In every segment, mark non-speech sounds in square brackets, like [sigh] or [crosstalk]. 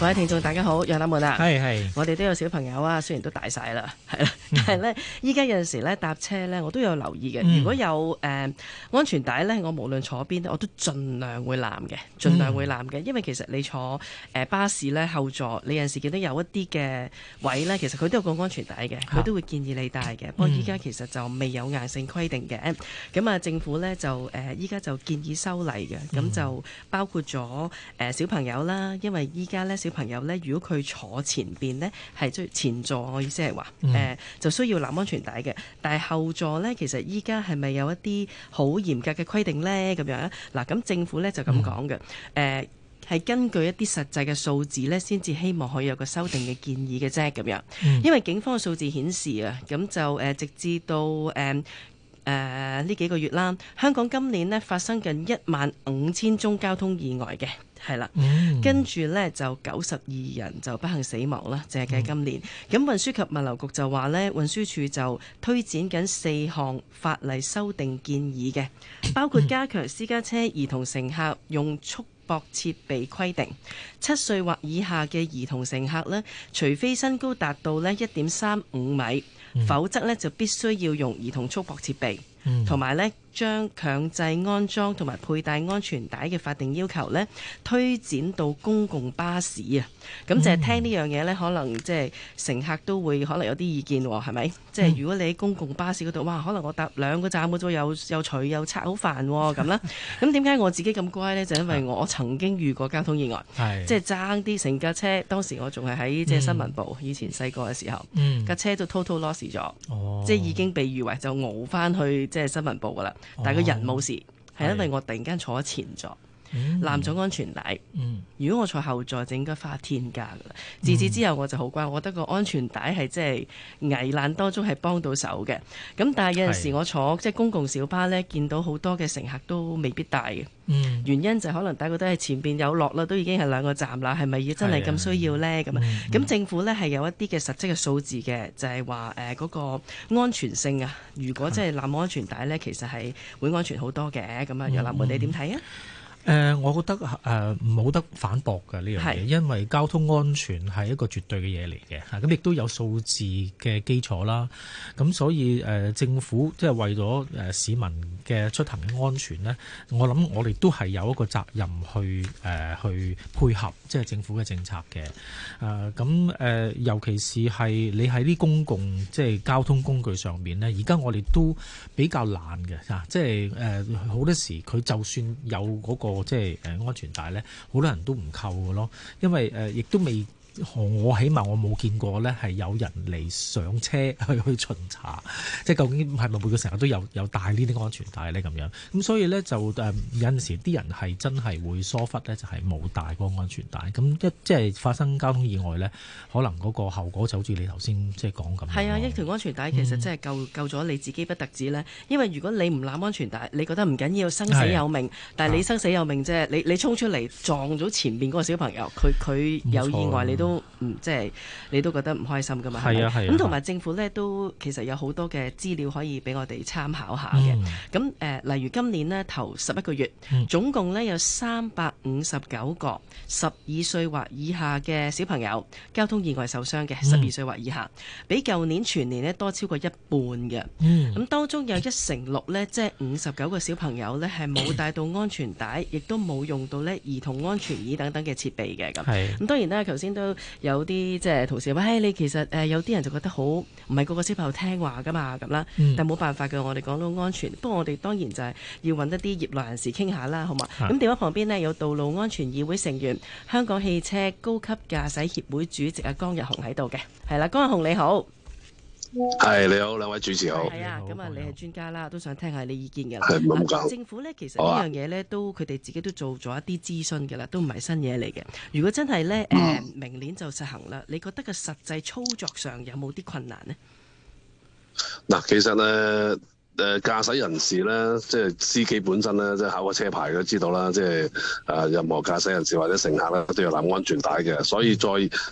各位聽眾大家好，有冇啊？係係，我哋都有小朋友啊，雖然都大晒啦，係啦，但係咧，依家、嗯、有陣時咧搭車咧，我都有留意嘅。嗯、如果有誒、呃、安全帶咧，我無論坐邊，我都儘量會攬嘅，儘量會攬嘅，因為其實你坐誒、呃、巴士咧後座，你有陣時見到有一啲嘅位咧，其實佢都有個安全帶嘅，佢都會建議你帶嘅。啊、不過依家其實就未有硬性規定嘅，咁啊政府咧就誒依家就建議修例嘅，咁就包括咗誒、呃、小朋友啦，因為依家咧。朋友呢，如果佢坐前邊呢，係即前座，我意思係話誒就需要攬安全帶嘅。但係後座呢，其實依家係咪有一啲好嚴格嘅規定呢？咁樣咧，嗱，咁政府呢就咁講嘅，誒係、嗯呃、根據一啲實際嘅數字呢，先至希望可以有個修訂嘅建議嘅啫，咁樣，因為警方嘅數字顯示啊，咁就誒、呃、直至到誒。呃誒，呢、呃、幾個月啦，香港今年咧，發生近一萬五千宗交通意外嘅，係啦，嗯、跟住呢，就九十二人就不幸死亡啦，淨係計今年。咁運輸及物流局就話呢，運輸署就推展緊四項法例修訂建議嘅，包括加強私家車兒童乘客用束縛設備規定，七歲、嗯、或以下嘅兒童乘客呢，除非身高達到咧一點三五米。否則呢就必須要用兒童束縛設備，同埋、嗯、呢將強制安裝同埋佩戴安全帶嘅法定要求咧，推展到公共巴士啊！咁就係聽這呢樣嘢咧，可能即係乘客都會可能有啲意見喎、哦，係咪？即、就、係、是、如果你喺公共巴士嗰度，哇！可能我搭兩個站，我都有有除有拆煩、哦，好煩喎咁啦。咁點解我自己咁乖呢？就是、因為我曾經遇過交通意外，即係爭啲成架車。當時我仲係喺即係新聞部，嗯、以前細個嘅時候，架、嗯、車就 total loss、哦、咗，即係已經被譽為就熬翻去即係新聞部噶啦。但係個人冇事，係、哦、因為我突然間坐咗前座。攬咗、嗯、安全帶，嗯、如果我坐後座就應該花天價噶啦。自此之後我就好乖，我覺得個安全帶係即係危難當中係幫到手嘅。咁但係有陣時候我坐是即係公共小巴呢，見到好多嘅乘客都未必帶嘅。嗯、原因就是可能大家都係前邊有落啦，都已經係兩個站啦，係咪要真係咁需要呢？咁咁政府呢係有一啲嘅實際嘅數字嘅，就係話誒嗰個安全性啊。如果即係攬安全帶呢，其實係會安全好多嘅。咁啊、嗯，楊立梅你點睇啊？誒、呃，我覺得唔冇、呃、得反駁嘅呢樣嘢，因為交通安全係一個絕對嘅嘢嚟嘅吓，咁亦都有數字嘅基礎啦。咁所以誒、呃，政府即係為咗誒市民嘅出行嘅安全呢，我諗我哋都係有一個責任去誒、呃、去配合即係政府嘅政策嘅。咁、呃、誒、呃，尤其是係你喺啲公共即係交通工具上面呢，而家我哋都比較難嘅吓，即係誒好多時佢就算有嗰、那個。即係誒安全帶咧，好多人都唔扣嘅咯，因為誒亦都未。我起碼我冇見過呢係有人嚟上車去去巡查，即係究竟係咪每個成日都有有帶呢啲安全帶呢？咁樣？咁所以呢，就誒有陣時啲人係真係會疏忽呢就係冇帶個安全帶。咁一即係發生交通意外呢，可能嗰個後果就好似你頭先即係講咁。係啊，一條安全帶其實真係救、嗯、救咗你自己不特止呢，因為如果你唔攬安全帶，你覺得唔緊要，生死有命，啊、但係你生死有命啫，你你衝出嚟撞咗前面嗰個小朋友，佢佢有意外、啊、你都。都唔、嗯、即係你都覺得唔開心噶嘛？係啊，係啊。咁同埋政府咧都其實有好多嘅資料可以俾我哋參考一下嘅。咁誒、嗯呃、例如今年咧頭十一個月，嗯、總共咧有三百五十九個十二歲或以下嘅小朋友交通意外受傷嘅，十二歲或以下，嗯、比舊年全年咧多超過一半嘅。嗯。咁當中有一成六咧，嗯、即係五十九個小朋友咧係冇帶到安全帶亦，呃、都冇用到咧兒童安全椅等等嘅設備嘅咁。咁是當然啦，頭先都。有啲即係同事，喂，你其實誒、呃、有啲人就覺得好，唔係個個小朋友聽話噶嘛咁啦，嗯、但係冇辦法嘅，我哋講到安全。不過我哋當然就係要揾一啲業內人士傾下啦，好嘛？咁電話旁邊呢，有道路安全議會成員、香港汽車高級駕駛協會主席阿江日雄喺度嘅，係啦，江日雄，江日雄你好。係你好，兩位主持好。係啊，咁啊，你係專家啦，都想聽下你意見嘅。係政府咧，其實呢樣嘢咧，都佢哋自己都做咗一啲諮詢嘅啦，都唔係新嘢嚟嘅。如果真係咧，誒、嗯，明年就實行啦，你覺得嘅實際操作上有冇啲困難呢？嗱，其實咧。誒，駕駛人士咧，即係司機本身咧，即係考個車牌都知道啦。即係誒，任何駕駛人士或者乘客咧，都要攬安全帶嘅。所以在，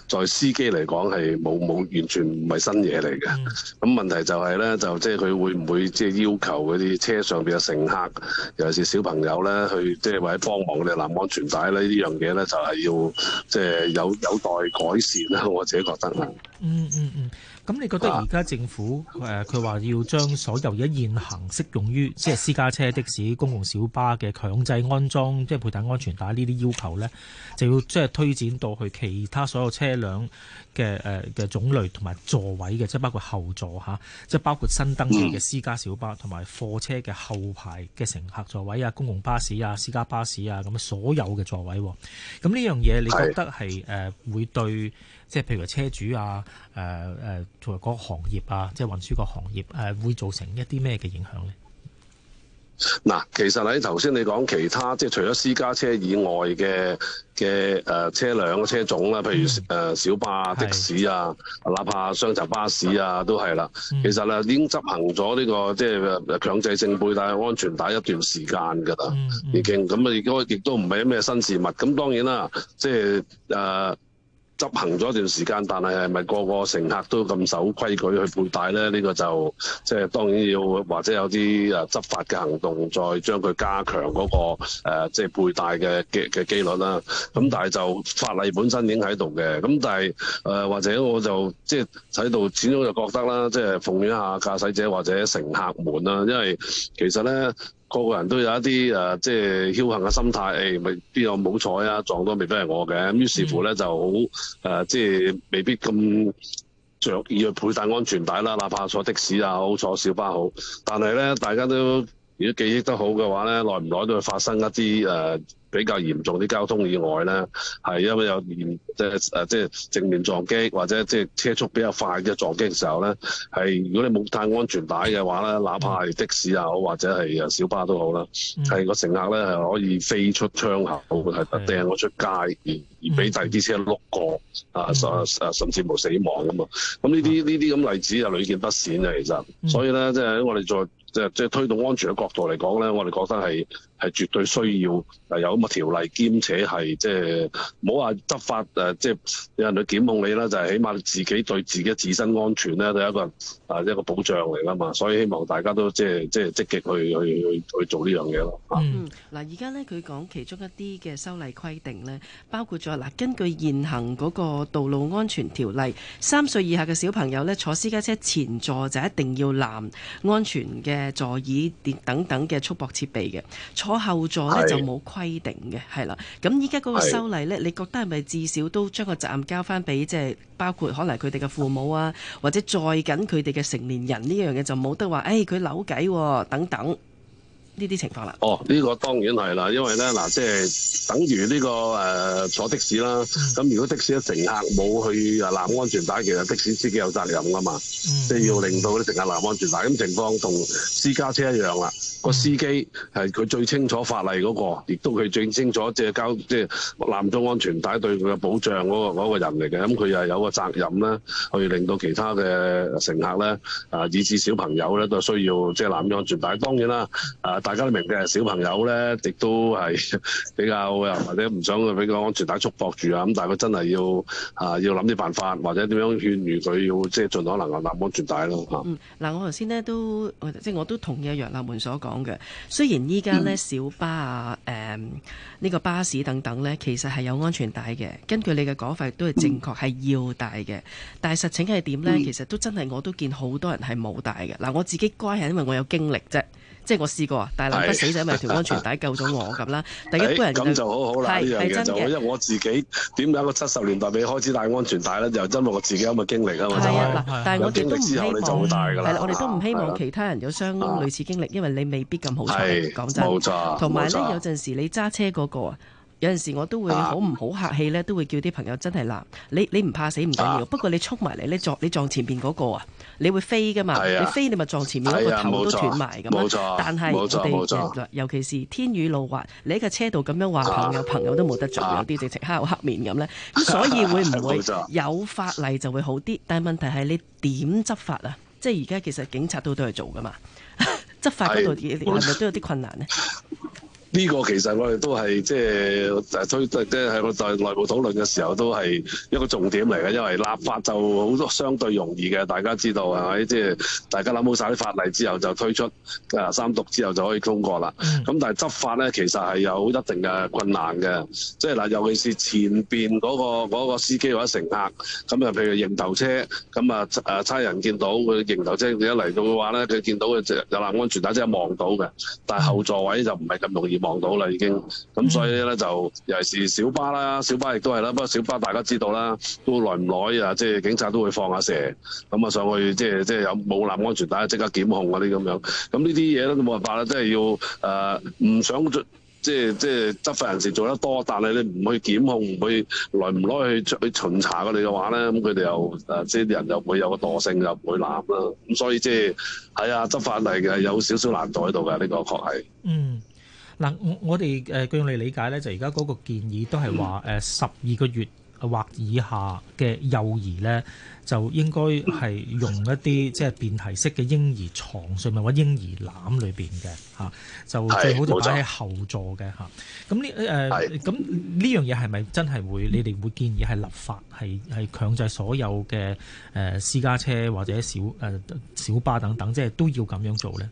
再在司機嚟講係冇冇完全唔係新嘢嚟嘅。咁問題就係咧，就即係佢會唔會即係要求嗰啲車上面嘅乘客，尤其是小朋友咧，去即係為咗幫忙佢哋攬安全帶咧？這樣呢樣嘢咧就係、是、要即係有有待改善啦。我自己覺得啦、嗯。嗯嗯嗯。咁你覺得而家政府誒佢話要將所有一現行適用於即係私家車、的士、公共小巴嘅強制安裝即係佩戴安全帶呢啲要求呢，就要即係推展到去其他所有車輛嘅誒嘅種類同埋座位嘅，即係包括後座嚇、啊，即係包括新登記嘅私家小巴同埋貨車嘅後排嘅乘客座位啊、公共巴士啊、私家巴士啊，咁所有嘅座位。咁、哦、呢樣嘢你覺得係誒是、呃、會對？即係譬如車主啊，誒、呃、誒，作為個行業啊，即係運輸個行業，啊，誒，會造成一啲咩嘅影響咧？嗱，其實喺頭先你講其他，即係除咗私家車以外嘅嘅誒車輛車種啦，譬如誒小巴、的士啊，哪怕雙層巴士啊，都係啦。嗯、其實啊，已經執行咗呢、這個即係強制性佩戴安全帶一段時間噶啦，已經咁啊，亦都亦都唔係咩新事物。咁當然啦，即係誒。呃執行咗一段時間，但係係咪個個乘客都咁守規矩去佩戴呢？呢、這個就即係當然要或者有啲啊執法嘅行動，再將佢加強嗰、那個、呃、即係佩戴嘅嘅嘅機率啦。咁、嗯、但係就法例本身已經喺度嘅。咁但係誒、呃、或者我就即係喺度，始終就覺得啦，即係奉勸一下駕駛者或者乘客們啦，因為其實呢。個個人都有一啲誒、呃，即係僥倖嘅心態，誒咪邊有冇彩啊？撞到未必係我嘅，於是乎咧就好誒、呃，即係未必咁着意去佩戴安全帶啦。哪怕坐的士呀、啊、好，坐小巴好，但係咧大家都如果記憶得好嘅話咧，耐唔耐都會發生一啲誒。呃比較嚴重啲交通意外咧，係因為有嚴即係誒，即、就、係、是、正面撞擊或者即係車速比較快嘅撞擊嘅時候咧，係如果你冇帶安全帶嘅話咧，嗯、哪怕係的士啊，或者係誒小巴都好啦，係個、嗯、乘客咧係可以飛出窗口，係掟我出街，而而俾第二啲車碌過、嗯、啊，甚至冇死亡噶嘛。咁呢啲呢啲咁例子就屢見不鮮啊，其實，嗯、所以咧即係我哋再即係即係推動安全嘅角度嚟講咧，我哋覺得係。係絕對需要誒有咁嘅條例，兼且係即係唔好話執法誒，即係有人去檢控你啦。就係起碼自己對自己嘅自身安全咧，都有一個啊一個保障嚟㗎嘛。所以希望大家都即係即係積極去去去去做呢樣嘢咯。嗯，嗱，而家咧佢講其中一啲嘅修例規定咧，包括咗嗱，根據現行嗰個道路安全條例，三歲以下嘅小朋友咧坐私家車前座就一定要攬安全嘅座椅墊等等嘅束縛設備嘅。坐後座咧就冇規定嘅，係啦是。咁依家嗰個修例咧，的你覺得係咪至少都將個責任交翻俾即係包括可能佢哋嘅父母啊，或者載緊佢哋嘅成年人呢樣嘢就冇得話，誒、哎、佢扭計等等呢啲情況啦？哦，呢、這個當然係啦，因為咧嗱，即、就、係、是、等於呢、這個誒、呃、坐的士啦。咁如果的士嘅乘客冇去攬安全帶，其實的士司機有責任㗎嘛，即係、嗯嗯、要令到啲乘客攬安全帶。咁情況同私家車一樣啦。個、嗯、司機係佢最清楚法例嗰、那個，亦都佢最清楚即係交即係、就是、攬咗安全帶對佢嘅保障嗰、那個那個人嚟嘅。咁佢又有個責任咧，去令到其他嘅乘客咧啊，以至小朋友咧都需要即係、就是、攬安全帶。當然啦，啊大家都明嘅，小朋友咧亦都係比較又或者唔想俾個安全帶束縛住啊。咁但係佢真係要啊，要諗啲辦法或者點樣勸喻佢要即係、就是、盡可能嘅攬，的攬的安全帶咯。嗱、嗯，嗯、我頭先咧都即係我都同意阿楊立門所講嘅，雖然依家咧小巴啊，誒、嗯、呢、呢個巴士等等呢，其實係有安全帶嘅。根據你嘅講法，都係正確，係要帶嘅。但係實情係點呢？其實都真係我都見好多人係冇帶嘅。嗱，我自己乖係因為我有經歷啫。即係我試過啊，但係大難不死仔，咪條安全帶救咗我咁啦。第一般人係咁就好好啦，呢樣嘢就好，因為我自己點解個七十年代未開始戴安全帶咧？就因為我自己咁嘅經歷啊嘛。係啊，嗱，但係我哋都唔希望係啦，我哋都唔希望其他人有相類似經歷，因為你未必咁好彩。講真，冇錯，同埋咧，有陣時你揸車嗰個啊。有陣時我都會好唔好客氣咧，啊、都會叫啲朋友真係嗱，你。你唔怕死唔緊要，啊、不過你衝埋嚟咧，撞你撞前面嗰、嗰個啊，你會飛噶嘛？哎、呀你飛你咪撞前面嗰個頭都斷埋咁啦。哎、但係我哋錯尤其是天雨路滑，你喺個車度咁樣話朋友、啊、朋友都冇得做，啊、有啲直情黑口黑面咁咧。咁所以會唔會有法例就會好啲？但係問題係你點執法啊？即係而家其實警察都都係做噶嘛， [laughs] 執法嗰度嘅係咪都有啲困難呢？呢個其實我哋都係即係推即係喺內內部討論嘅時候都係一個重點嚟嘅，因為立法就好多相對容易嘅，大家知道係咪？即係大家諗好晒啲法例之後就推出三讀之後就可以通過啦。咁、嗯、但係執法呢，其實係有一定嘅困難嘅，即係嗱，尤其是前邊嗰個嗰個司機或者乘客，咁啊，譬如迎頭車，咁啊誒差人見到佢迎頭車來，佢一嚟到嘅話呢，佢見到佢有攬安全帶，即係望到嘅。但係後座位就唔係咁容易。撞到啦，嗯、已經咁所以咧就尤其是小巴啦，小巴亦都係啦。不過小巴大家知道啦，都耐唔耐啊？即係警察都會放下蛇，咁啊上去即係即係有冇攬安全帶，即刻檢控嗰啲咁樣。咁呢啲嘢都冇辦法啦，即係要唔、呃、想即係即係執法人士做得多，但係你唔去檢控，唔去耐唔耐去去巡查佢哋嘅話咧，咁佢哋又即係啲人又唔會有個惰性，又唔會攬啦。咁所以即係係啊，執法嚟嘅有少少難度喺度嘅，呢、這個確係嗯。嗱，我我哋誒據我哋理解咧，就而家嗰個建議都係話誒十二個月或以下嘅幼兒咧，就應該係用一啲即係便攜式嘅嬰兒床上面或者嬰兒籃裏邊嘅嚇，就最好就擺喺後座嘅嚇。咁呢誒咁呢樣嘢係咪真係會你哋會建議係立法係係強制所有嘅誒、呃、私家車或者小誒、呃、小巴等等，即係都要咁樣做咧？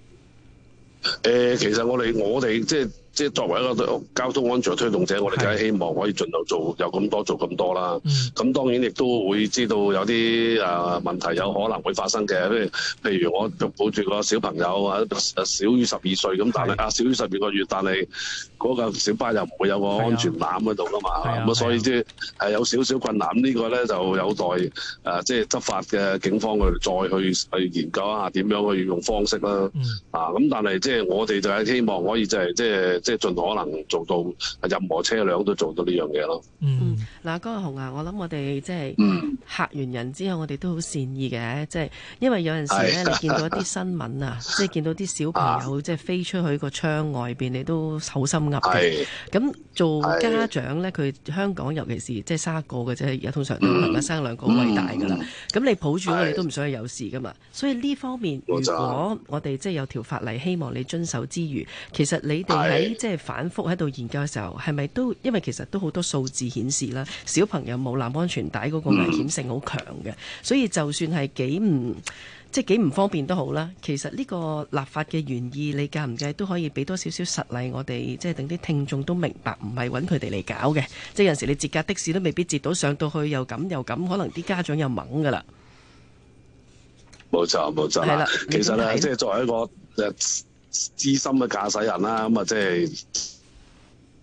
誒，其實我哋我哋即係。即係作為一個交通安全嘅推動者，我哋梗係希望可以盡量做有咁多做咁多啦。咁、嗯、當然亦都會知道有啲誒問題有可能會發生嘅，譬如我抱住個小朋友啊，小於十二歲咁，是但係啊小於十二個月，但係嗰個小巴又唔會有個安全攬嗰度啦嘛。咁、啊啊啊、所以即係有少少困難。呢、呢個呢，就有待誒即係執法嘅警方去再去去研究一下點樣去用方式啦。嗯、啊咁，但係即係我哋就係希望可以就係即係。即係盡可能做到任何車輛都做到呢樣嘢咯。嗯，嗱，江日雄啊，我諗我哋即係嚇完人之後，我哋都好善意嘅，即係因為有陣時咧，你見到一啲新聞啊，即係見到啲小朋友即係飛出去個窗外邊，你都好心噏。咁做家長咧，佢香港尤其是即係生一個嘅啫，而家通常都唔係生兩個好偉大㗎啦。咁你抱住我，你都唔想佢有事㗎嘛。所以呢方面，如果我哋即係有條法例，希望你遵守之餘，其實你哋喺即係反覆喺度研究嘅時候，係咪都因為其實都好多數字顯示啦，小朋友冇攬安全帶嗰個危險性好強嘅，所以就算係幾唔即係幾唔方便都好啦。其實呢個立法嘅原意，你計唔計都可以俾多少少實例我，我哋即係等啲聽眾都明白，唔係揾佢哋嚟搞嘅。即係有陣時你截架的士都未必截到，上到去又咁又咁，可能啲家長又懵噶啦。冇錯冇錯，係啦，嗯、其實呢，即係作為一個資深嘅駕駛人啦啊，咁啊即係。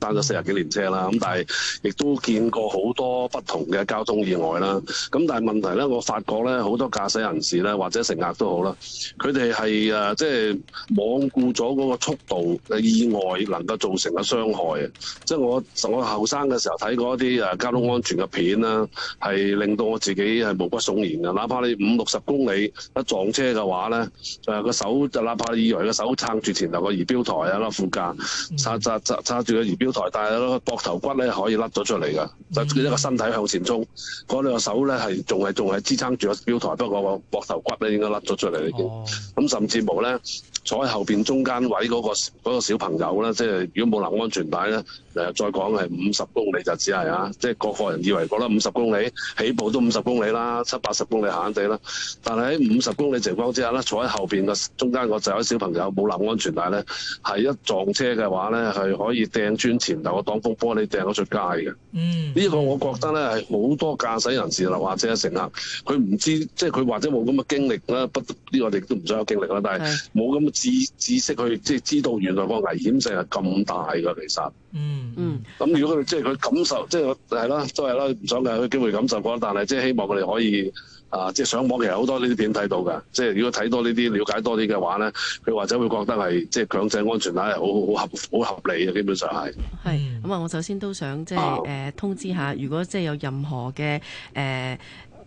單咗四十幾年車啦，咁但係亦都見過好多不同嘅交通意外啦。咁但係問題咧，我發覺咧好多駕駛人士咧，或者乘客都好啦，佢哋係誒即係罔顧咗嗰個速度意外能夠造成嘅傷害啊！即、就、係、是、我我後生嘅時候睇過一啲誒交通安全嘅片啦，係令到我自己係毛骨悚然嘅。哪怕你五六十公里一撞車嘅話咧，誒、啊、個手就哪怕你以為個手撐住前頭的標、那個儀表台啊，個副駕叉叉叉叉住個儀表。台，但係個膊頭骨咧，可以甩咗出嚟㗎。就一個身體向前衝，嗰兩個手咧係仲係仲係支撐住個標台，不過個膊頭骨咧應該甩咗出嚟已經，咁、哦、甚至無咧。坐喺後面中間位嗰個嗰個小朋友咧，即係如果冇攬安全帶咧，誒再講係五十公里就只係啊！即係個個人以為覺得五十公里起步都五十公里啦，七八十公里閒閒哋啦。但係喺五十公里情況之下咧，坐喺後面嘅中間個細佬小朋友冇攬安全帶咧，係一撞車嘅話咧，係可以掟穿前頭個擋風玻璃掟咗出街嘅。嗯，呢個我覺得咧係好多駕駛人士啦，或者乘客，佢唔知即係佢或者冇咁嘅經歷啦，不呢我哋都唔想有經歷啦，但係冇咁。知知識去即係知道原來個危險性係咁大噶，其實嗯嗯，咁、嗯、如果佢、嗯、即係佢感受，即係係啦，都係啦，唔想佢有機會感受過，但係即係希望佢哋可以啊，即係上網其實好多呢啲點睇到嘅，即係如果睇多呢啲，了解多啲嘅話咧，佢或者會覺得係即係強制安全帶係好好合好合理嘅，基本上係係咁啊！我首先都想即係誒、呃、通知一下，如果即係有任何嘅誒。呃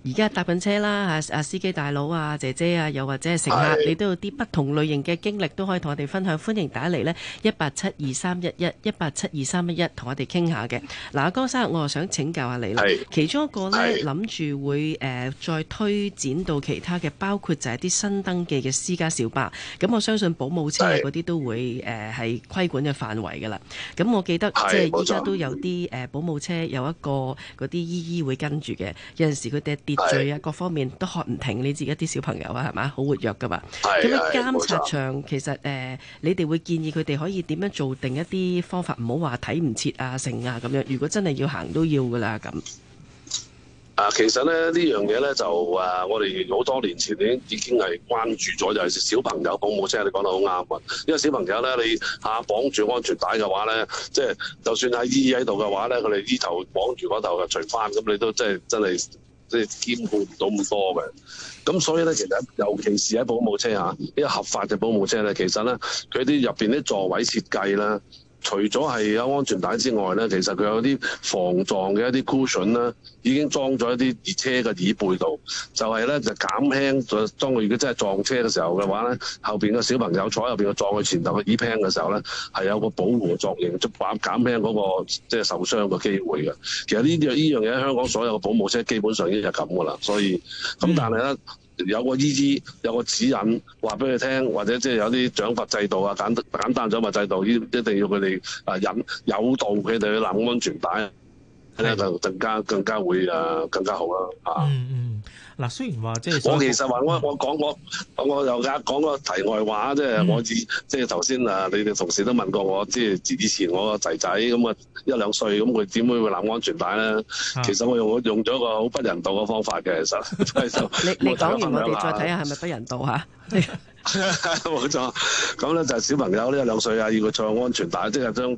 而家搭緊車啦，啊司機大佬啊，姐姐啊，又或者係乘客，是你都有啲不同類型嘅經歷，都可以同我哋分享。歡迎打嚟呢 11, 11, 一八七二三一一一八七二三一一，同我哋傾下嘅。嗱、啊，江生，我想請教下你啦，是其中一個呢，諗住是會、呃、再推展到其他嘅，包括就係啲新登記嘅私家小巴。咁我相信保姆車嗰啲都會誒係規管嘅範圍㗎啦。咁我記得是即係依家都有啲、呃、保姆車有一個嗰啲姨姨會跟住嘅，有時佢跌秩序啊，是各方面都學唔停。你自己一啲小朋友啊，係咪好活躍噶嘛。咁啊是的，監察上其實誒、呃，你哋會建議佢哋可以點樣做定一啲方法，唔好話睇唔切啊、剩啊咁樣。如果真係要行都要噶啦咁啊。其實咧呢這樣嘢咧就誒，我哋好多年前已經已經係關注咗，尤其是小朋友。保姆車你講得好啱啊，因為小朋友咧你吓綁住安全帶嘅話咧，即係就算阿姨喺度嘅話咧，佢哋衣頭綁住嗰頭就除翻咁，你都、就是、真係真係。即係兼顧唔到咁多嘅，咁所以咧，其實尤其係喺保姆車嚇，啲、啊這個、合法嘅保姆車咧，其實咧佢啲入邊啲座位設計啦，除咗係有安全帶之外咧，其實佢有啲防撞嘅一啲 cushion 咧，已經裝咗一啲車嘅椅背度，就係、是、咧就減輕，當佢如果真係撞車嘅時候嘅話咧，後面嘅小朋友坐喺入邊，佢撞去前頭嘅椅、e、pan 嘅時候咧，係有個保護嘅作用，即減輕嗰個即係、就是、受傷嘅機會嘅。其實呢樣呢樣嘢香港所有嘅保姆車基本上已經係咁噶啦，所以咁但係咧。嗯有個依依，有個指引話畀佢聽，或者即係有啲獎罰制度啊，簡簡單獎罰制度，一定要佢哋啊引，誘導佢哋去攬安全帶。就是更加更加會啊，更加好啦嚇、啊嗯。嗯嗯，嗱、啊，雖然話即係我其實話我我講我我又講個題外話，就是嗯、即係我自即係頭先啊，你哋同事都問過我，即係之前我個仔仔咁啊一兩歲咁佢點會會攬安全帶咧？是其實我用用咗個好不人道嘅方法嘅，其實。你你講完我哋再睇下係咪不人道嚇？ [laughs] 冇 [laughs] 錯，咁咧就係小朋友呢，一兩歲啊，要佢坐安全帶，即係將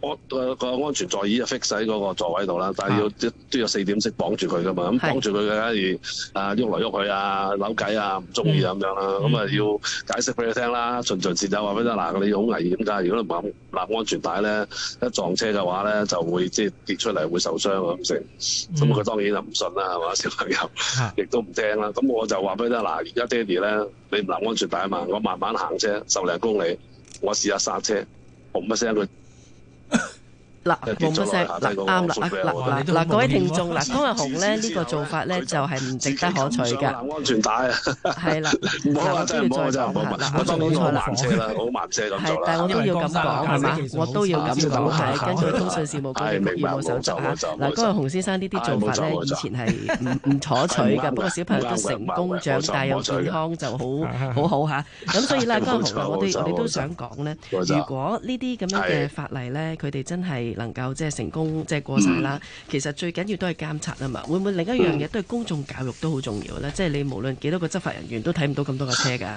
安個安全座椅就 fix 喺嗰個座位度啦。但係要的都都有四點式綁住佢噶嘛，咁的綁住佢嘅，假如啊喐嚟喐去啊扭計啊唔中意啊咁樣啦，咁啊、嗯嗯、要解釋俾佢聽啦，循循善誘話俾得聽嗱，嗯、你好危險㗎，如果你唔攬攬安全帶咧，一撞車嘅話咧就會即係跌出嚟會受傷咁成，咁佢、嗯、當然就唔信啦係嘛，小朋友亦的都唔聽啦。咁我就話俾得聽嗱，而家爹哋咧你唔攬安全帶我慢慢行車，十零公里，我試下剎車，轟一聲佢。嗱冇乜聲，嗱啱啦，嗱嗱嗱，各位聽眾，嗱江日雄咧呢個做法咧就係唔值得可取㗎，安全帶啊，係啦，唔好話真係唔好再講啦，我當冇錯啦，好謾謝啦，好謾謝咁啦，係，但係我都要咁講係嘛，我都要咁講係，跟住通訊事務局嘅業務首席啊，嗱江日雄先生呢啲做法咧以前係唔唔可取㗎，不過小朋友都成功長大又健康就好好好嚇，咁所以咧江日雄啊，我哋我哋都想講咧，如果呢啲咁樣嘅法例咧，佢哋真係能夠即係成功即係、就是、過晒啦，嗯、其實最緊要都係監察啊嘛，會唔會另一樣嘢都係公眾教育都好重要咧？即、就、係、是、你無論幾多個執法人員都睇唔到咁多架車㗎，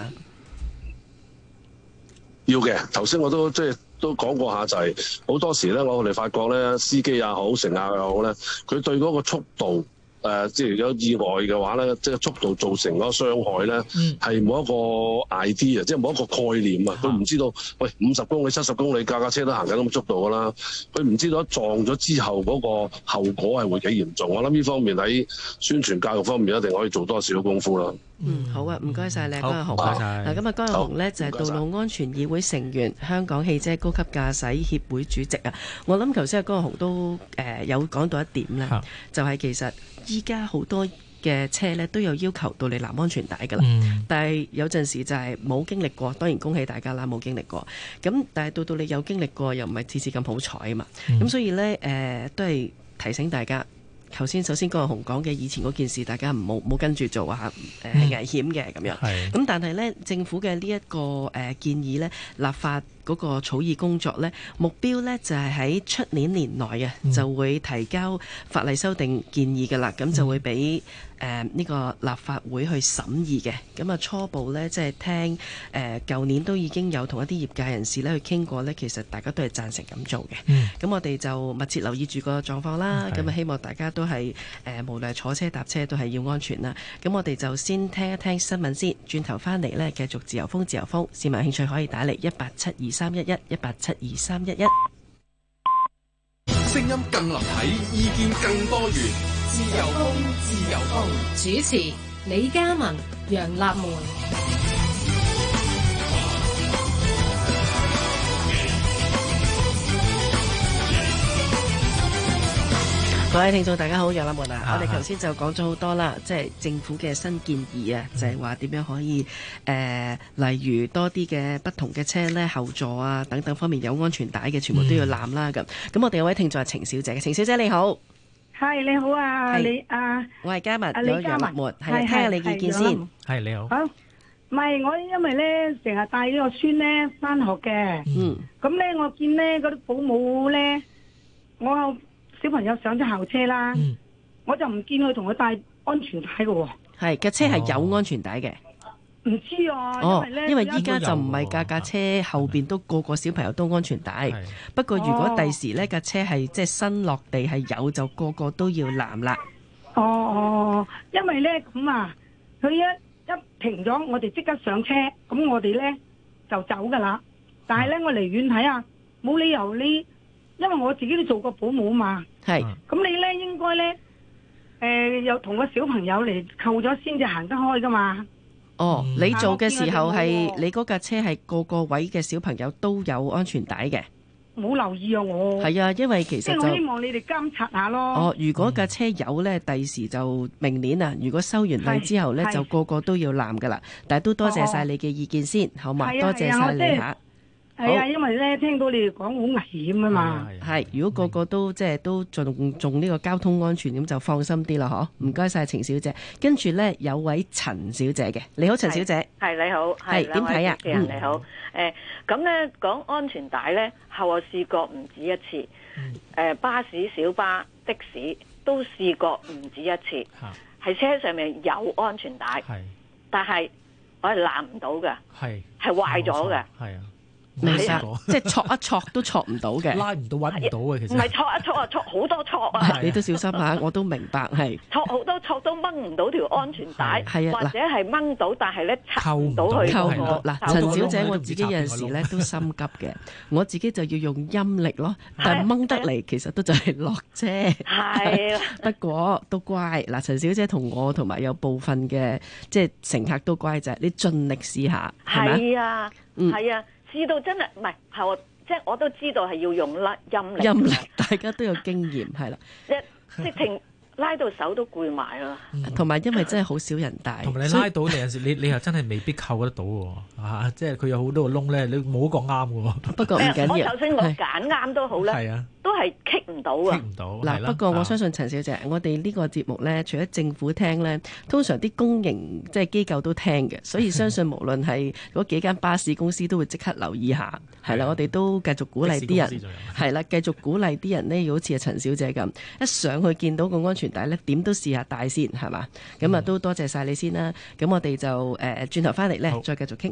要嘅。頭先我都即係都講過一下，就係、是、好多時咧，我哋發覺咧，司機又好，乘客又好咧，佢對嗰個速度。誒、呃，即係有意外嘅話咧，即係速度造成嗰個傷害咧，係冇、嗯、一個 idea，即係冇一個概念啊！佢唔知道，喂，五十公里、七十公里，架架車都行緊咁速度噶啦，佢唔知道撞咗之後嗰個後果係會幾嚴重。我諗呢方面喺宣傳教育方面一定可以做多少少功夫啦。嗯，好啊，唔該晒你、啊，江日雄，嗱，謝謝今日江日雄咧就係道路安全議會成員、謝謝香港汽車高級駕駛協會主席啊。我諗頭先阿江日雄都誒有講到一點咧，是就係其實。依家好多嘅車咧都有要求到你攬安全帶噶啦，嗯、但係有陣時就係冇經歷過，當然恭喜大家啦，冇經歷過，咁但係到到你有經歷過又唔係次次咁好彩啊嘛，咁、嗯、所以咧誒、呃、都係提醒大家。頭先首先江紅講嘅以前嗰件事，大家唔好冇跟住做啊！誒、呃嗯、危險嘅咁樣，咁的、嗯、但係咧政府嘅呢一個誒建議咧，立法嗰個草擬工作咧，目標咧就係喺出年年內嘅、啊、就會提交法例修訂建議㗎啦，咁、嗯、就會俾。誒，呢個立法會去審議嘅咁啊，就初步呢，即係聽誒，舊年都已經有同一啲業界人士咧去傾過呢，其實大家都係贊成咁做嘅。咁，嗯，我哋就密切留意住個狀況啦。咁啊是，就希望大家都係誒，無論坐車搭車都係要安全啦。咁我哋就先聽一聽新聞先，轉頭翻嚟呢，繼續自由風自由風。市民有興趣可以打嚟一八七二三一一一八七二三一一，11, 聲音更立體，意見更多元。自由風，自由風。主持李嘉文、楊立門。立門各位聽眾，大家好，楊立門啊，uh huh. 我哋頭先就講咗好多啦，即、就、係、是、政府嘅新建議啊，就係話點樣可以誒、呃，例如多啲嘅不同嘅車呢，後座啊等等方面有安全帶嘅，全部都要攬啦。咁，咁我哋有位聽眾係程小姐嘅，程小姐你好。係你好啊，你啊，我係嘉文，你好嘉文，係聽下你意見先，係你好。好，唔係我因為咧成日帶呢個孫咧翻學嘅，嗯，咁咧我見咧嗰啲保姆咧，我小朋友上咗校車啦，我就唔見佢同佢帶安全帶㗎喎。係架車係有安全帶嘅。唔知啊，因為咧，哦，因為依家就唔係架架車後邊都個個小朋友都安全帶。的不過如果第時呢架車係即係新落地係有，就個個都要攬啦。哦哦，因為呢，咁啊，佢一一停咗，我哋即刻上車，咁我哋呢就走噶啦。但係呢，我離遠睇啊，冇理由你，因為我自己都做過保姆嘛。係的，咁你呢應該呢，誒又同個小朋友嚟扣咗先至行得開噶嘛。哦，嗯、你做嘅時候係你嗰架車係個個位嘅小朋友都有安全帶嘅，冇留意啊我。係啊，因為其實就我希望你哋監察下咯。哦，如果架車有呢，第時就明年啊，如果收完例之後呢，就個個都要攬噶啦。但係都多謝晒你嘅意見先，哦、好嘛嗎？啊啊、多謝晒你吓。係啊，因為咧聽到你哋講好危險啊嘛。係、啊啊，如果個個都即係都尊重呢個交通安全，咁就放心啲啦，嗬？唔該晒，程小姐。跟住咧有位陳小姐嘅，你好，陳小姐。係你好，係點睇啊？嗯，你好，誒，咁咧講安全帶咧，後我試過唔止一次，誒是、欸，巴士、小巴、的士都試過唔止一次，係，車上面有安全帶，係是，但係我係拉唔到嘅，係係壞咗嘅，係啊。唔係啊，即係挫一挫都挫唔到嘅，拉唔到揾唔到嘅，其實唔係挫一挫啊，挫好多挫啊！你都小心下，我都明白係挫好多挫都掹唔到條安全帶，係啊，或者係掹到，但係咧插唔到佢。插唔到嗱，陳小姐我自己有陣時咧都心急嘅，我自己就要用陰力咯，但係掹得嚟其實都就係落啫。係，不過都乖嗱，陳小姐同我同埋有部分嘅即係乘客都乖就係你盡力試下，係嘛？係啊，嗯，係啊。知道真係唔係，係即係我都知道係要用拉音，音力，音力大家都有經驗係啦。一即係停拉到手都攰埋咯，同埋、嗯、因為真係好少人戴。同埋你拉到有陣時，你以 [laughs] 你又真係未必扣得到喎、啊，即係佢有好多個窿咧，你冇一個啱嘅喎。不過唔緊要。我首先我揀啱都好啦。係啊。是都係唔到啊！嗱，不過我相信陳小姐，啊、我哋呢個節目呢，除咗政府聽呢，通常啲公營即係機構都聽嘅，所以相信無論係嗰幾間巴士公司都會即刻留意一下。係啦， [laughs] 我哋都繼續鼓勵啲的人，係啦，繼續鼓勵啲人呢，好似阿陳小姐咁， [laughs] 一上去見到個安全帶，帶、嗯呃、呢，點都試下戴先，係嘛？咁啊，都多謝晒你先啦。咁我哋就誒轉頭翻嚟呢，再繼續傾。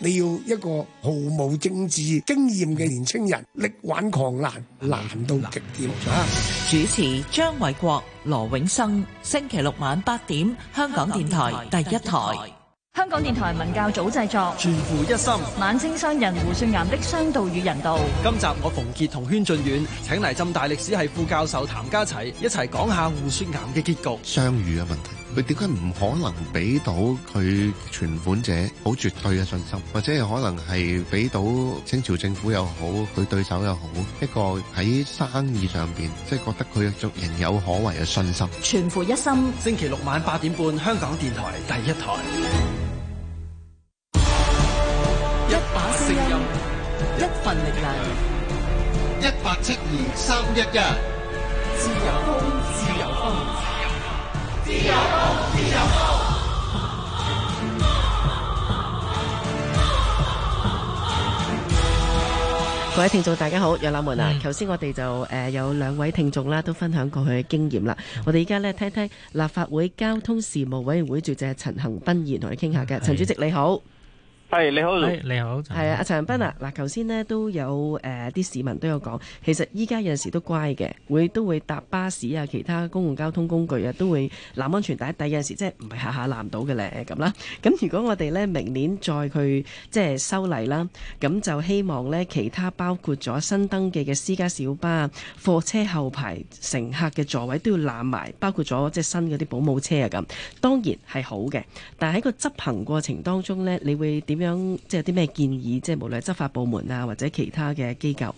你要一個毫無政治經驗嘅年青人力挽狂瀾，難到極點啊！主持張衛國、羅永生，星期六晚八點，香港電台第一台。香港電台第一台。香港電台文教組製作，全乎一心。晚清商人胡雪岩的商道與人道。今集我馮傑同軒俊遠，請嚟浸大歷史系副教授譚家齊一齊講下胡雪岩嘅結局。相遇嘅問題。佢點解唔可能俾到佢存款者好絕對嘅信心，或者可能係俾到清朝政府又好，佢對手又好，一個喺生意上邊，即係覺得佢仲人有可為嘅信心。全乎一心。星期六晚八點半，香港電台第一台，一把聲音，一份力量，一八七二三一一。一一一自由。各位聽眾大家好，養眼們啊，頭先、嗯、我哋就誒、呃、有兩位聽眾啦，都分享過佢嘅經驗啦。我哋而家咧聽聽立法會交通事務委員會主席陳恒鑌議員同你傾下嘅，陳主席你好。係你好，你好，係、哎、啊，阿陳鑌啊，嗱，頭先呢都有誒，啲、呃、市民都有講，其實依家有陣時都乖嘅，會都會搭巴士啊，其他公共交通工具啊，都會攬安全帶，第有陣時即係唔係下下攬到嘅咧，咁啦。咁如果我哋呢明年再去即係修例啦，咁就希望呢其他包括咗新登記嘅私家小巴、貨車後排乘客嘅座位都要攬埋，包括咗即係新嗰啲保姆車啊咁。當然係好嘅，但係喺個執行過程當中呢你會點？咁樣即係有啲咩建議？即係無論係執法部門啊，或者其他嘅機構。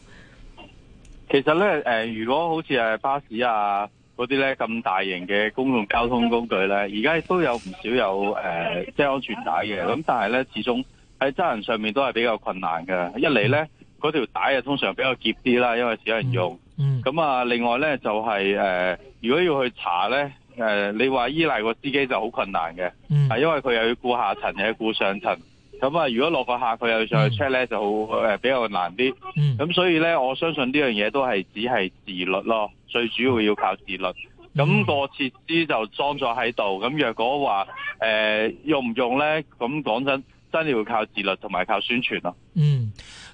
其實咧，誒、呃，如果好似係巴士啊嗰啲咧咁大型嘅公共交通工具咧，而家都有唔少有誒即係安全帶嘅。咁但係咧，始終喺揸人上面都係比較困難嘅。一嚟咧，嗰條帶啊通常比較澀啲啦，因為少人用。咁、嗯嗯、啊，另外咧就係、是、誒、呃，如果要去查咧，誒、呃，你話依賴個司機就好困難嘅，係、嗯、因為佢又要顧下層，又要顧上層。咁啊，嗯、如果落個客，佢又上去 check 咧，就好，比較難啲。咁所以咧，我相信呢樣嘢都係只係自律咯，最主要要靠自律。咁個設施就裝咗喺度。咁若果話誒、呃、用唔用咧，咁講真真係要靠自律同埋靠宣傳咯、啊。嗯。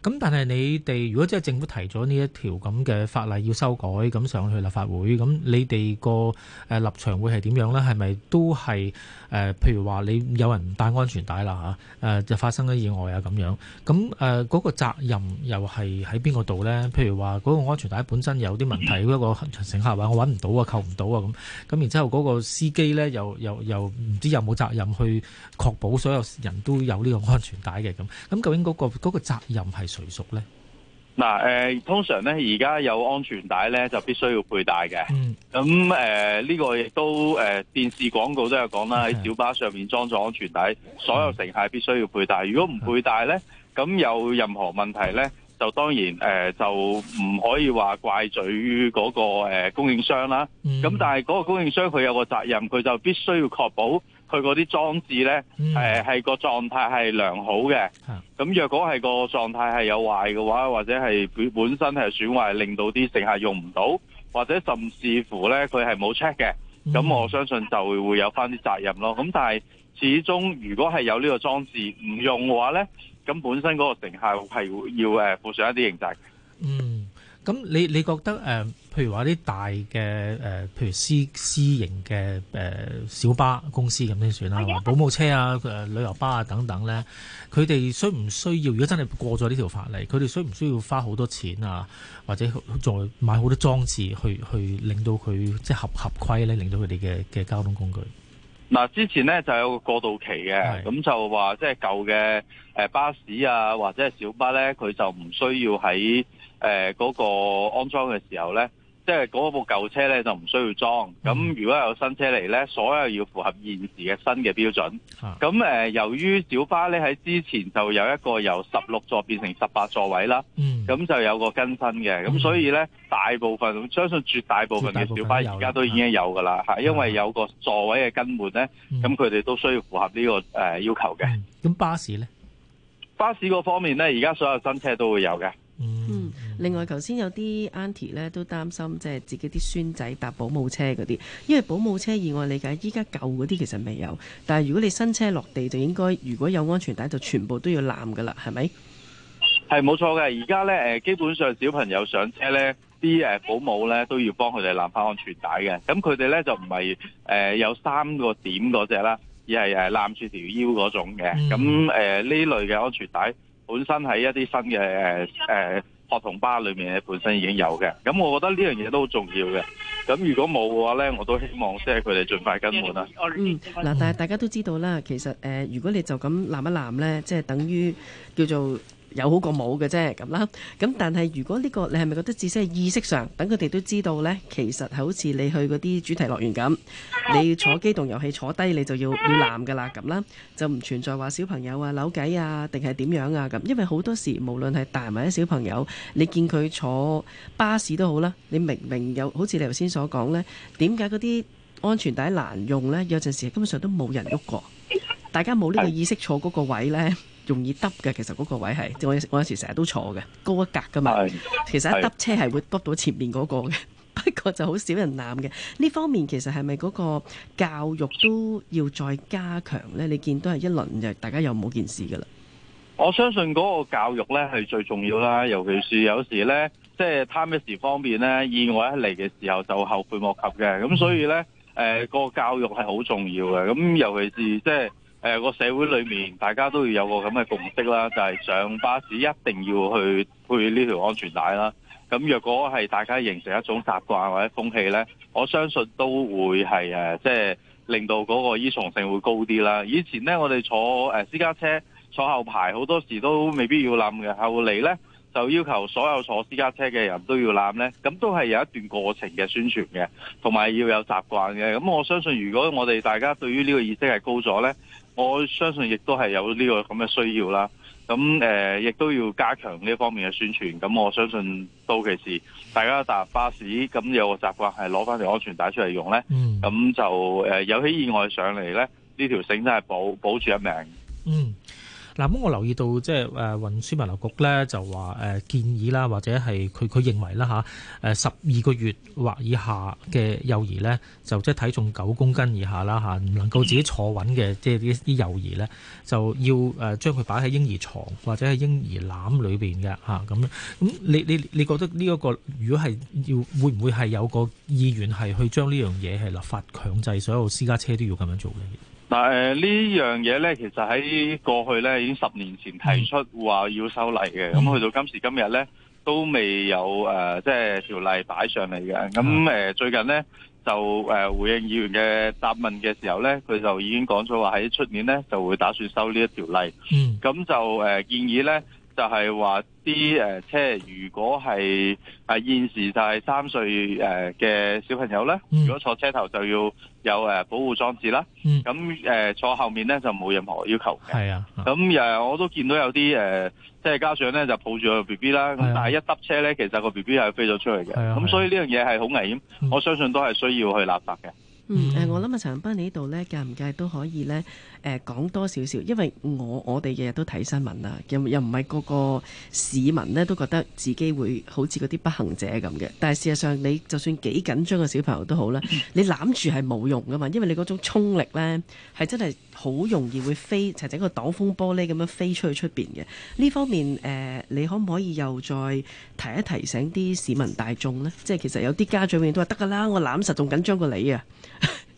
咁但係你哋如果真係政府提咗呢一條咁嘅法例要修改，咁上去立法會，咁你哋個誒立場會係點樣咧？係咪都係誒、呃、譬如話你有人唔帶安全帶啦吓，誒就發生咗意外啊咁樣。咁誒嗰個責任又係喺邊個度咧？譬如話嗰個安全帶本身有啲問題，一個乘客話我揾唔到啊，扣唔到啊咁。咁然之後嗰個司機咧又又又唔知有冇責任去確保所有人都有呢個安全帶嘅咁。咁究竟嗰個嗰個責任係隨咧，嗱誒，通常咧而家有安全帶咧，就必須要佩戴嘅。嗯，咁誒呢個亦都誒、呃、電視廣告都有講啦，喺小巴上面裝咗安全帶，所有乘客必須要佩戴。如果唔佩戴咧，咁、嗯、有任何問題咧，就當然誒、呃、就唔可以話怪罪於嗰個供應商啦。咁、嗯、但係嗰個供應商佢有個責任，佢就必須要確保。佢嗰啲裝置咧，誒係個狀態係良好嘅。咁若果係個狀態係有壞嘅話，或者係本本身係損壞，令到啲乘客用唔到，或者甚至乎咧，佢係冇 check 嘅，咁我相信就會有翻啲責任咯。咁但係始終如果係有個呢個裝置唔用嘅話咧，咁本身嗰個乘客係要誒負上一啲刑責。嗯。咁你你覺得誒、呃，譬如話啲大嘅誒、呃，譬如私私營嘅誒、呃、小巴公司咁先算啦，的保姆車啊、呃、旅遊巴啊等等咧，佢哋需唔需要？如果真係過咗呢條法例，佢哋需唔需要花好多錢啊，或者再買好多裝置去去令到佢即係合合規咧，令到佢哋嘅嘅交通工具？嗱，之前咧就有個過渡期嘅，咁的就話即係舊嘅、呃、巴士啊，或者係小巴咧，佢就唔需要喺。誒，嗰、呃，那個安裝嘅時候呢，即係嗰部舊車呢就唔需要裝。咁如果有新車嚟呢，所有要符合現時嘅新嘅標準。咁誒、呃，由於小巴呢喺之前就有一個由十六座變成十八座位啦，咁就有個更新嘅。咁所以呢，大部分相信絕大部分嘅小巴而家都已經有噶啦，吓，因為有個座位嘅更換呢，咁佢哋都需要符合呢個誒要求嘅。咁、嗯、巴士呢，巴士嗰方面呢，而家所有新車都會有嘅。嗯。另外，頭先有啲 aunty 咧都擔心，即係自己啲孫仔搭保姆車嗰啲，因為保姆車，以我理解，依家舊嗰啲其實未有，但係如果你新車落地，就應該如果有安全帶，就全部都要攬噶啦，係咪？係冇錯嘅。而家咧，誒基本上小朋友上車咧，啲誒保姆咧都要幫佢哋攬翻安全帶嘅。咁佢哋咧就唔係誒有三個點嗰隻啦，而係誒攬住條腰嗰種嘅。咁誒呢類嘅安全帶本身喺一啲新嘅誒誒。呃學童巴裏面嘅本身已經有嘅，咁我覺得呢樣嘢都好重要嘅。咁如果冇嘅話咧，我都希望即係佢哋盡快跟進啦。嗯，嗱，但係大家都知道啦，其實誒、呃，如果你就咁攬一攬咧，即係等於叫做。有好過冇嘅啫，咁啦。咁但係如果呢個，你係咪覺得至少係意識上，等佢哋都知道呢，其實好似你去嗰啲主題樂園咁，你坐機動遊戲坐低，你就要要攬噶啦，咁啦，就唔存在話小朋友啊扭計啊，定係點樣啊咁。因為好多時無論係大埋係小朋友，你見佢坐巴士都好啦，你明明有好似你頭先所講呢，點解嗰啲安全帶難用呢？有陣時根本上都冇人喐過，大家冇呢個意識的坐嗰個位呢。容易揼嘅，其實嗰個位係，我我有時成日都坐嘅，高一格㗎嘛，是其實一揼車係會揼到前面嗰個嘅，是不過就好少人攬嘅。呢方面其實係咪嗰個教育都要再加強咧？你見都係一輪嘅，大家又冇件事㗎啦。我相信嗰個教育咧係最重要啦，尤其是有時咧，即係貪一時方便咧，意外一嚟嘅時候就後悔莫及嘅。咁所以咧，誒個教育係好重要嘅。咁尤其是即係。誒個社會裏面，大家都要有個咁嘅共識啦，就係上巴士一定要去配呢條安全帶啦。咁若果係大家形成一種習慣或者風氣呢，我相信都會係誒，即係令到嗰個依從性會高啲啦。以前呢，我哋坐、呃、私家車坐後排好多時都未必要攬嘅，後嚟呢，就要求所有坐私家車嘅人都要攬呢。咁都係有一段過程嘅宣傳嘅，同埋要有習慣嘅。咁我相信，如果我哋大家對於呢個意識係高咗呢。我相信亦都係有呢個咁嘅需要啦。咁誒，亦都要加強呢一方面嘅宣傳。咁我相信到其時大家搭巴士，咁有個習慣係攞翻條安全帶出嚟用咧。咁、嗯、就誒、呃，有起意外上嚟咧，呢條繩真係保保住一命。嗯嗱，咁我留意到即係誒運輸物流局咧就話誒建議啦，或者係佢佢認為啦嚇，誒十二個月或以下嘅幼兒咧，就即係體重九公斤以下啦嚇唔能夠自己坐穩嘅，即係啲啲幼兒咧，就要誒將佢擺喺嬰兒床或者係嬰兒籃裏邊嘅嚇咁樣。咁你你你覺得呢一個如果係要會唔會係有個意願係去將呢樣嘢係立法強制所有私家車都要咁樣做嘅？嗱，誒，呃、呢樣嘢咧，其實喺過去咧已經十年前提出話要修例嘅，咁去、嗯、到今時今日咧，都未有誒，即、呃、係條例擺上嚟嘅。咁誒、嗯呃，最近咧就誒、呃、回應議員嘅答問嘅時候咧，佢就已經講咗話喺出年咧就會打算修呢一條例。嗯，咁就誒、呃、建議咧。就係話啲誒車，如果係啊現時就係三歲誒嘅小朋友咧，嗯、如果坐車頭就要有誒保護裝置啦。咁誒、嗯、坐後面咧就冇任何要求嘅。啊。咁我都見到有啲誒、呃、即係家長咧就抱住個 B B 啦。咁、啊、但係一搭車咧，其實個 B B 係飛咗出去嘅。咁、啊啊、所以呢樣嘢係好危險，嗯、我相信都係需要去立法嘅。嗯，我諗啊，陳恒鑌，你呢度咧，介唔介都可以咧？誒、呃，講多少少，因為我我哋日日都睇新聞啦，又又唔係個個市民咧都覺得自己會好似嗰啲不幸者咁嘅，但係事實上你就算幾緊張嘅小朋友都好啦，你攬住係冇用㗎嘛，因為你嗰種衝力咧係真係。好容易會飛，就整，整個擋風玻璃咁樣飛出去出邊嘅呢方面，誒、呃，你可唔可以又再提一提醒啲市民大眾呢？即係其實有啲家長面都話得㗎啦，我攬實仲緊張過你啊！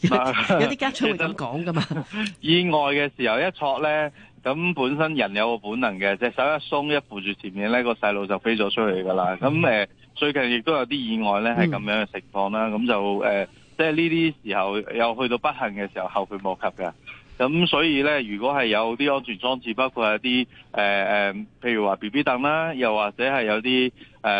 有啲家長會咁講㗎嘛 [laughs] ？意外嘅時候一錯呢，咁本身人有個本能嘅隻手一鬆一扶住前面呢、嗰個細路就飛咗出去㗎啦。咁誒、嗯、最近亦都有啲意外呢，係咁樣嘅情況啦。咁、嗯、就誒、呃，即係呢啲時候又去到不幸嘅時候後悔莫及嘅。咁所以咧，如果係有啲安全裝置，包括有啲誒誒，譬如話 B B 凳啦，又或者係有啲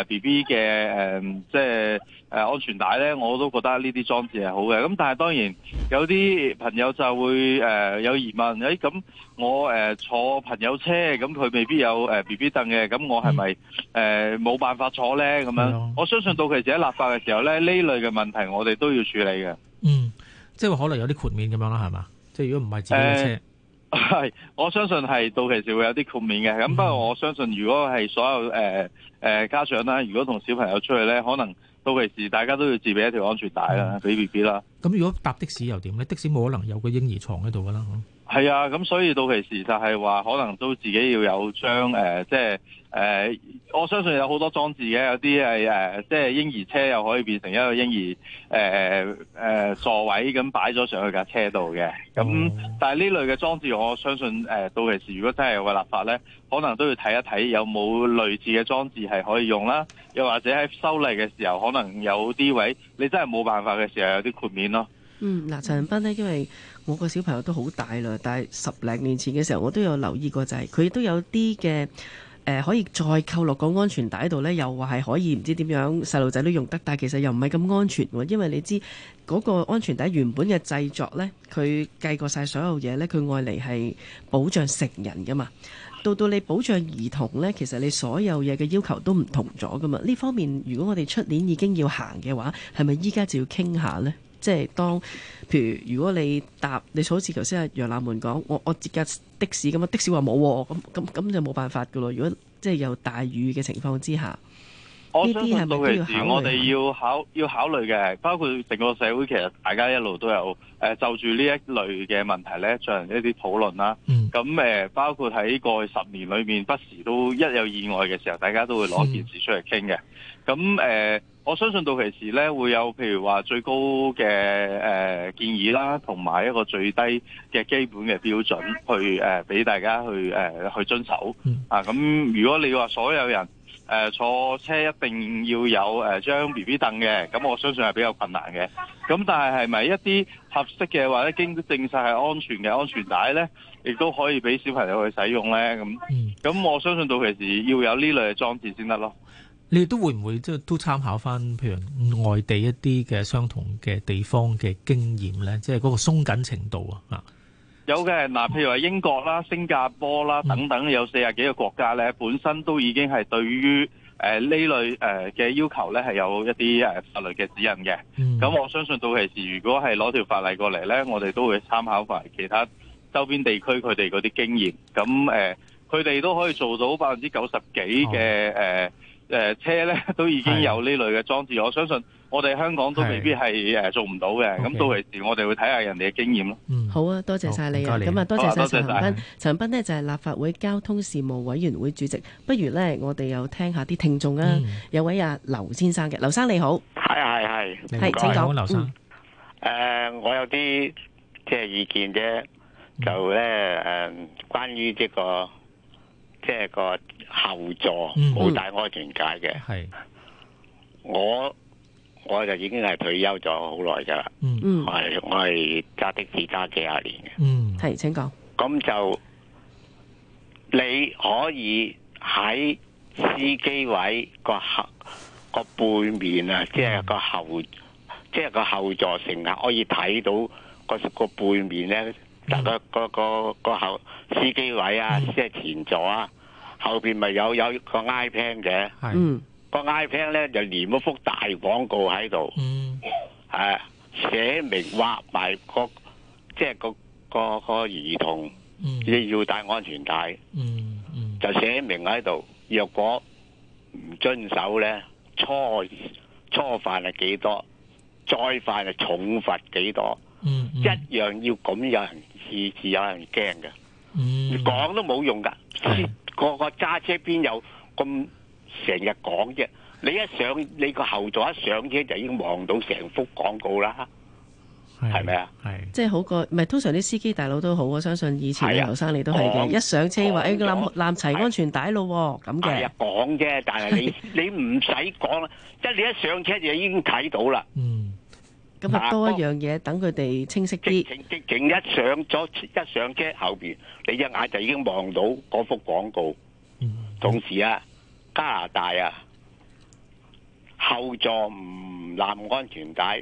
B B 嘅誒，即係誒、呃、安全帶咧，我都覺得呢啲裝置係好嘅。咁但係當然有啲朋友就會誒、呃、有疑問，誒、欸、咁我誒、呃、坐朋友車，咁佢未必有 B B 凳嘅，咁我係咪誒冇辦法坐咧？咁樣的我相信到佢喺立法嘅時候咧，呢類嘅問題我哋都要處理嘅。嗯，即係話可能有啲豁免咁樣啦，係嘛？即如果唔係自己嘅車，係、呃、我相信係到期時會有啲豁免嘅。咁、嗯、不過我相信如果係所有、呃呃家長，如果係所有誒誒家長啦，如果同小朋友出去咧，可能到期時大家都要自備一條安全帶啦，俾 B B 啦。咁如果搭的士又點咧？的士冇可能有個嬰兒床喺度噶啦。係啊，咁所以到期時就係話，可能都自己要有張誒、嗯呃，即係誒、呃，我相信有好多裝置嘅，有啲係誒，即係嬰兒車又可以變成一個嬰兒誒誒、呃呃、座位咁擺咗上去架車度嘅。咁、嗯、但係呢類嘅裝置，我相信誒、呃、到期時如果真係有個立法咧，可能都要睇一睇有冇類似嘅裝置係可以用啦。又或者喺修例嘅時候，可能有啲位你真係冇辦法嘅時候，有啲豁免咯。嗯，嗱、呃，陳恒鑌咧，因為。我個小朋友都好大啦，但係十零年前嘅時候，我都有留意過、就係，就係佢都有啲嘅誒，可以再扣落個安全帶度呢。又話係可以唔知點樣細路仔都用得，但係其實又唔係咁安全喎，因為你知嗰、嗰個安全帶原本嘅製作呢，佢計過晒所有嘢呢。佢愛嚟係保障成人噶嘛，到到你保障兒童呢。其實你所有嘢嘅要求都唔同咗噶嘛。呢方面如果我哋出年已經要行嘅話，係咪依家就要傾下呢？即係當，譬如如果你搭你好似頭先阿楊立門講，我我接架的士咁，的士話冇咁咁咁就冇辦法噶咯。如果即係有大雨嘅情況之下，我相信冇其時我哋要考要考慮嘅包括成個社會其實大家一路都有誒、呃、就住呢一類嘅問題咧進行一啲討論啦。咁誒、嗯呃、包括喺過去十年裏面不時都一有意外嘅時候，大家都會攞件事出嚟傾嘅。咁誒、嗯。嗯我相信到期時咧，會有譬如話最高嘅誒、呃、建議啦，同埋一個最低嘅基本嘅標準，去誒俾、呃、大家去誒、呃、去遵守。啊，咁如果你話所有人誒、呃、坐車一定要有誒、呃、張 B B 凳嘅，咁我相信係比較困難嘅。咁但係係咪一啲合適嘅或者經證實係安全嘅安全帶咧，亦都可以俾小朋友去使用咧？咁咁我相信到期時要有呢類嘅裝置先得咯。你哋都會唔會即係都參考翻，譬如外地一啲嘅相同嘅地方嘅經驗呢？即係嗰個鬆緊程度啊？有嘅，嗱，譬如話英國啦、新加坡啦等等，有四十幾個國家呢，本身都已經係對於呢類嘅要求呢，係有一啲法律嘅指引嘅。咁、嗯、我相信到時如果係攞條法例過嚟呢，我哋都會參考埋其他周邊地區佢哋嗰啲經驗。咁誒，佢哋都可以做到百分之九十幾嘅誒。誒車咧都已經有呢類嘅裝置，我相信我哋香港都未必係誒做唔到嘅。咁到時我哋會睇下人哋嘅經驗咯。好啊，多謝晒你。啊！咁啊，多謝晒陳恒鑌。陳恒鑌呢就係立法會交通事務委員會主席。不如咧，我哋又聽下啲聽眾啊。有位啊，劉先生嘅，劉生你好。係係係。係請講，劉生。誒，我有啲即係意見啫。就咧誒，關於即個即係個。後座冇戴安全帶嘅，係、mm, 我我就已經係退休咗好耐噶啦，係、mm, 我係揸的士揸幾廿年嘅，嗯、mm, 就，係說，請講，咁就你可以喺司機位的、就是、個、mm. 個，個背面啊，即係個後即係個後座乘客可以睇到個個背面咧，但個個個後司機位啊，即係前座啊。Mm. 嗯後邊咪有有個 iPad 嘅，個 iPad 咧就連幅大廣告喺度，係寫、嗯啊、明畫埋、個即係、就是那個、個兒童你、嗯、要帶安全帶，嗯嗯、就寫明喺度。若果唔遵守咧，初初犯係幾多，再犯係重罰幾多，嗯嗯、一樣要咁有人次次有人驚嘅，講、嗯、都冇用噶。個個揸車邊有咁成日講啫？你一上你個後座一上車就已經望到成幅廣告啦，係咪啊？係吧，即係好過唔係，通常啲司機大佬都好，我相信以前嘅劉生你都係嘅。係啊、講一上車話誒，攬攬齊安全帶咯咁嘅。係啊，講啫、啊啊，但係你你唔使講，即係是你一上車就已經睇到啦。嗯。咁啊，多一樣嘢等佢哋清晰啲。即係即係，一上咗一上車後邊，你一眼就已經望到嗰幅廣告。同時啊，加拿大啊，後座唔攬安全帶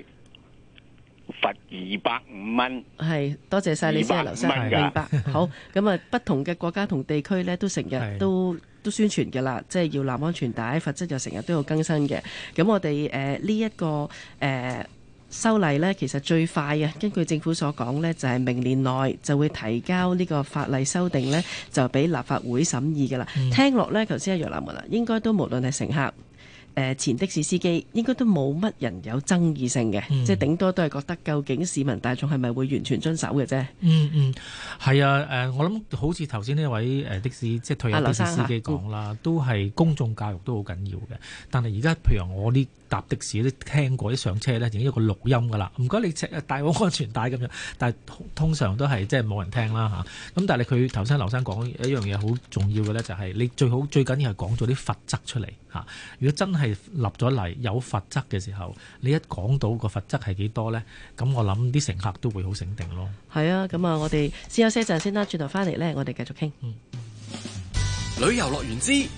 罰二百五蚊。係多謝晒你，謝劉生明白。好咁啊，不同嘅國家同地區咧，都成日都都宣傳嘅啦，即係要攬安全帶，罰則又成日都要更新嘅。咁我哋誒呢一個誒。修例咧，其實最快呀，根據政府所講咧，就係明年內就會提交呢個法例修訂咧，就俾立法會審議嘅啦。嗯、聽落咧，頭先阿楊立文啊，應該都無論係乘客，誒前的士司機應該都冇乜人有爭議性嘅，嗯、即係頂多都係覺得究竟市民大眾係咪會完全遵守嘅啫、嗯。嗯嗯，係啊，誒我諗好似頭先呢位誒的士即係退休的士司機講啦，嗯、都係公眾教育都好緊要嘅。但係而家譬如我呢搭的士都聽過啲上車咧，已經有個錄音㗎啦。唔該你戴好安全帶咁樣，但係通常都係即係冇人聽啦嚇。咁但係佢頭先劉生講一樣嘢好重要嘅咧，就係、是、你最好最緊要係講咗啲罰則出嚟嚇。如果真係係立咗嚟，有罰則嘅時候，你一講到個罰則係幾多咧，咁我諗啲乘客都會好醒定咯。係啊，咁啊，我哋先休息一陣先啦，轉頭翻嚟咧，我哋繼續傾。嗯。旅遊樂園之。